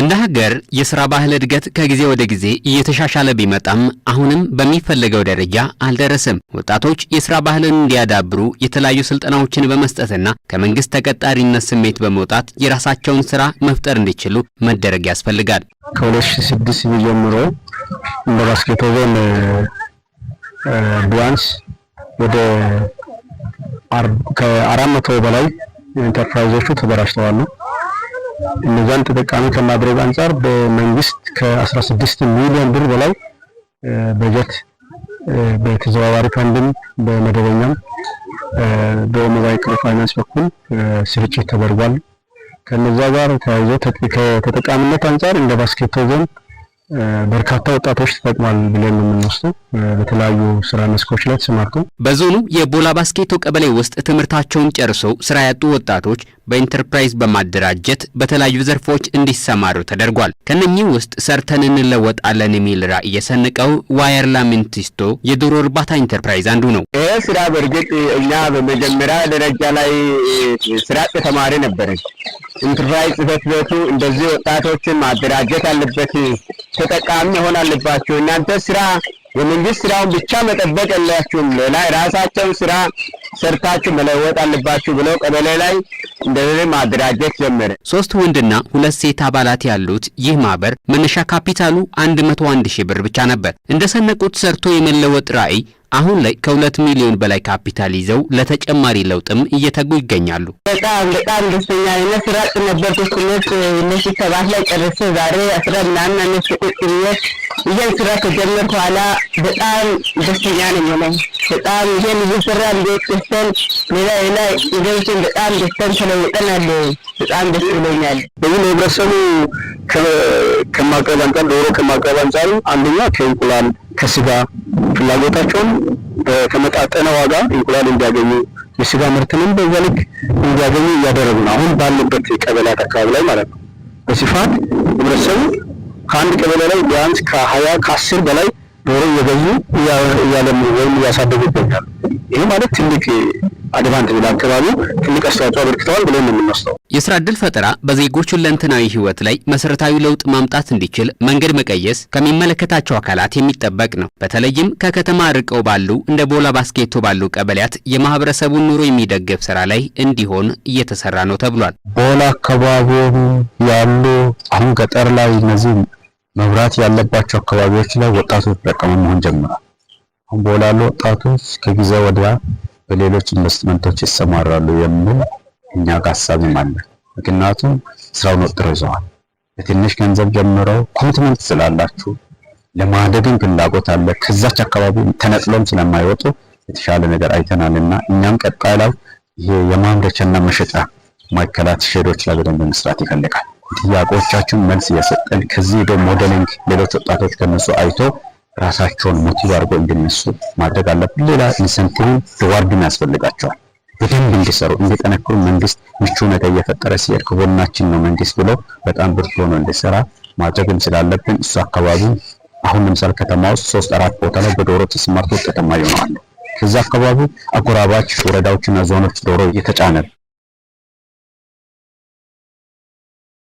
እንደ ሀገር የስራ ባህል እድገት ከጊዜ ወደ ጊዜ እየተሻሻለ ቢመጣም አሁንም በሚፈለገው ደረጃ አልደረሰም። ወጣቶች የስራ ባህልን እንዲያዳብሩ የተለያዩ ስልጠናዎችን በመስጠትና ከመንግስት ተቀጣሪነት ስሜት በመውጣት የራሳቸውን ስራ መፍጠር እንዲችሉ መደረግ ያስፈልጋል። ከ2006 ጀምሮ እንደ ባስኬቶቬን ቢያንስ ወደ ከአራት መቶ በላይ ኢንተርፕራይዞቹ ተደራጅተዋል ነው እነዛን ተጠቃሚ ከማድረግ አንጻር በመንግስት ከ16 ሚሊዮን ብር በላይ በጀት በተዘዋዋሪ ፈንድም በመደበኛም በሞባይል ፋይናንስ በኩል ስርጭት ተደርጓል። ከነዛ ጋር ተያይዞ ከተጠቃሚነት አንጻር እንደ ባስኬቶ ዞን በርካታ ወጣቶች ተጠቅሟል ብለን የምንወስደው በተለያዩ ስራ መስኮች ላይ ተሰማርቶ በዞኑ የቦላ ባስኬቶ ቀበሌ ውስጥ ትምህርታቸውን ጨርሰው ስራ ያጡ ወጣቶች በኢንተርፕራይዝ በማደራጀት በተለያዩ ዘርፎች እንዲሰማሩ ተደርጓል። ከነኚህ ውስጥ ሰርተን እንለወጣለን የሚል ራዕይ የሰነቀው ዋየር ላሚንቲስቶ የዶሮ እርባታ ኢንተርፕራይዝ አንዱ ነው። ይህ ስራ በእርግጥ እኛ በመጀመሪያ ደረጃ ላይ ስራ ተማሪ ነበረች። ኢንተርፕራይዝ ጽህፈት ቤቱ እንደዚህ ወጣቶችን ማደራጀት አለበት ተጠቃሚ ይሆናልባችሁ። እናንተ ስራ የመንግስት ስራውን ብቻ መጠበቅ የላችሁም፣ ሌላ የራሳቸውን ስራ ሰርታችሁ መለወጥ አለባችሁ ብለው ቀበሌ ላይ እንደዚህ ማደራጀት ጀመረ። ሶስት ወንድና ሁለት ሴት አባላት ያሉት ይህ ማህበር መነሻ ካፒታሉ 101 ሺህ ብር ብቻ ነበር። እንደሰነቁት ሰርቶ የመለወጥ ራዕይ አሁን ላይ ከሁለት ሚሊዮን በላይ ካፒታል ይዘው ለተጨማሪ ለውጥም እየተጉ ይገኛሉ። በጣም በጣም ደስተኛ ነኝ። ስራ አጥ ነበርኩ ሁለት ሁለት ሰባት ላይ ጨርሼ ዛሬ አስራ ምናምን አነሱ ቁጥርነት ይህን ስራ ከጀመርኩ በኋላ በጣም ደስተኛ ነኝ ነኝ በጣም ይሄን እየሰራ እንዴት ደስተን ሌላ ሌላ ነገሮችን በጣም ደስተን ተለውጠናል። በጣም ደስ ብሎኛል። በዚህ ለህብረተሰቡ ከማቅረብ አንጻር ዶሮ ከማቅረብ አንጻር አንደኛ ከእንቁላል ከስጋ ፍላጎታቸውን በተመጣጠነ ዋጋ እንቁላል እንዲያገኙ የስጋ ምርትንም በዛ ልክ እንዲያገኙ እያደረጉ ነው። አሁን ባለበት ቀበሌያት አካባቢ ላይ ማለት ነው። በስፋት ህብረተሰቡ ከአንድ ቀበሌ ላይ ቢያንስ ከሀያ ከአስር በላይ ዶሮ እየገዙ እያለሙ ወይም እያሳደጉ ይገኛሉ። ይህ ማለት ትልቅ አድቫንት ሚል አካባቢ ትልቅ አስተዋጽኦ አበርክተዋል ብለን ነው የምንወስደው። የስራ ዕድል ፈጠራ በዜጎች ሁለንተናዊ ህይወት ላይ መሰረታዊ ለውጥ ማምጣት እንዲችል መንገድ መቀየስ ከሚመለከታቸው አካላት የሚጠበቅ ነው። በተለይም ከከተማ ርቀው ባሉ እንደ ቦላ ባስኬቶ ባሉ ቀበሌያት የማህበረሰቡን ኑሮ የሚደግፍ ስራ ላይ እንዲሆን እየተሰራ ነው ተብሏል። ቦላ አካባቢውን ያሉ አሁን ገጠር ላይ እነዚህ መብራት ያለባቸው አካባቢዎች ላይ ወጣቶች ተጠቃሚ መሆን ጀምሯል። አሁን ቦላ ያሉ ወጣቶች ከጊዜ ወዲያ በሌሎች ኢንቨስትመንቶች ይሰማራሉ የሚል እኛ ጋር ሀሳብም አለ። ምክንያቱም ስራውን ወጥሮ ይዘዋል። በትንሽ ገንዘብ ጀምረው ኮሚትመንት ስላላችሁ ለማደግም ፍላጎት አለ። ከዛች አካባቢ ተነጥሎም ስለማይወጡ የተሻለ ነገር አይተናል እና እኛም ቀጣይ ላይ ይሄ የማምረቻና መሸጫ ማዕከላት ሼዶች ላይ በደንብ መስራት ይፈልጋል። ጥያቄዎቻችሁን መልስ እየሰጠን ከዚህ ሄዶ ሞዴሊንግ ሌሎች ወጣቶች ከነሱ አይቶ ራሳቸውን ሞቲቭ አድርገው እንዲነሱ ማድረግ አለብን። ሌላ ኢንሰንቲቭ ሪዋርድም ያስፈልጋቸዋል። በደንብ እንዲሰሩ እንዲጠነክሩ መንግስት ምቹ ነገር እየፈጠረ ሲሄድ ከጎናችን ነው መንግስት ብሎ በጣም ብርቱ ሆኖ እንዲሰራ ማድረግም ስላለብን እሱ አካባቢ አሁን ለምሳሌ ከተማ ውስጥ ሶስት አራት ቦታ ላይ በዶሮ ተሰማርቶ ውጤታማ ይሆናሉ። ከዛ አካባቢ አጎራባች ወረዳዎችና ዞኖች ዶሮ እየተጫነ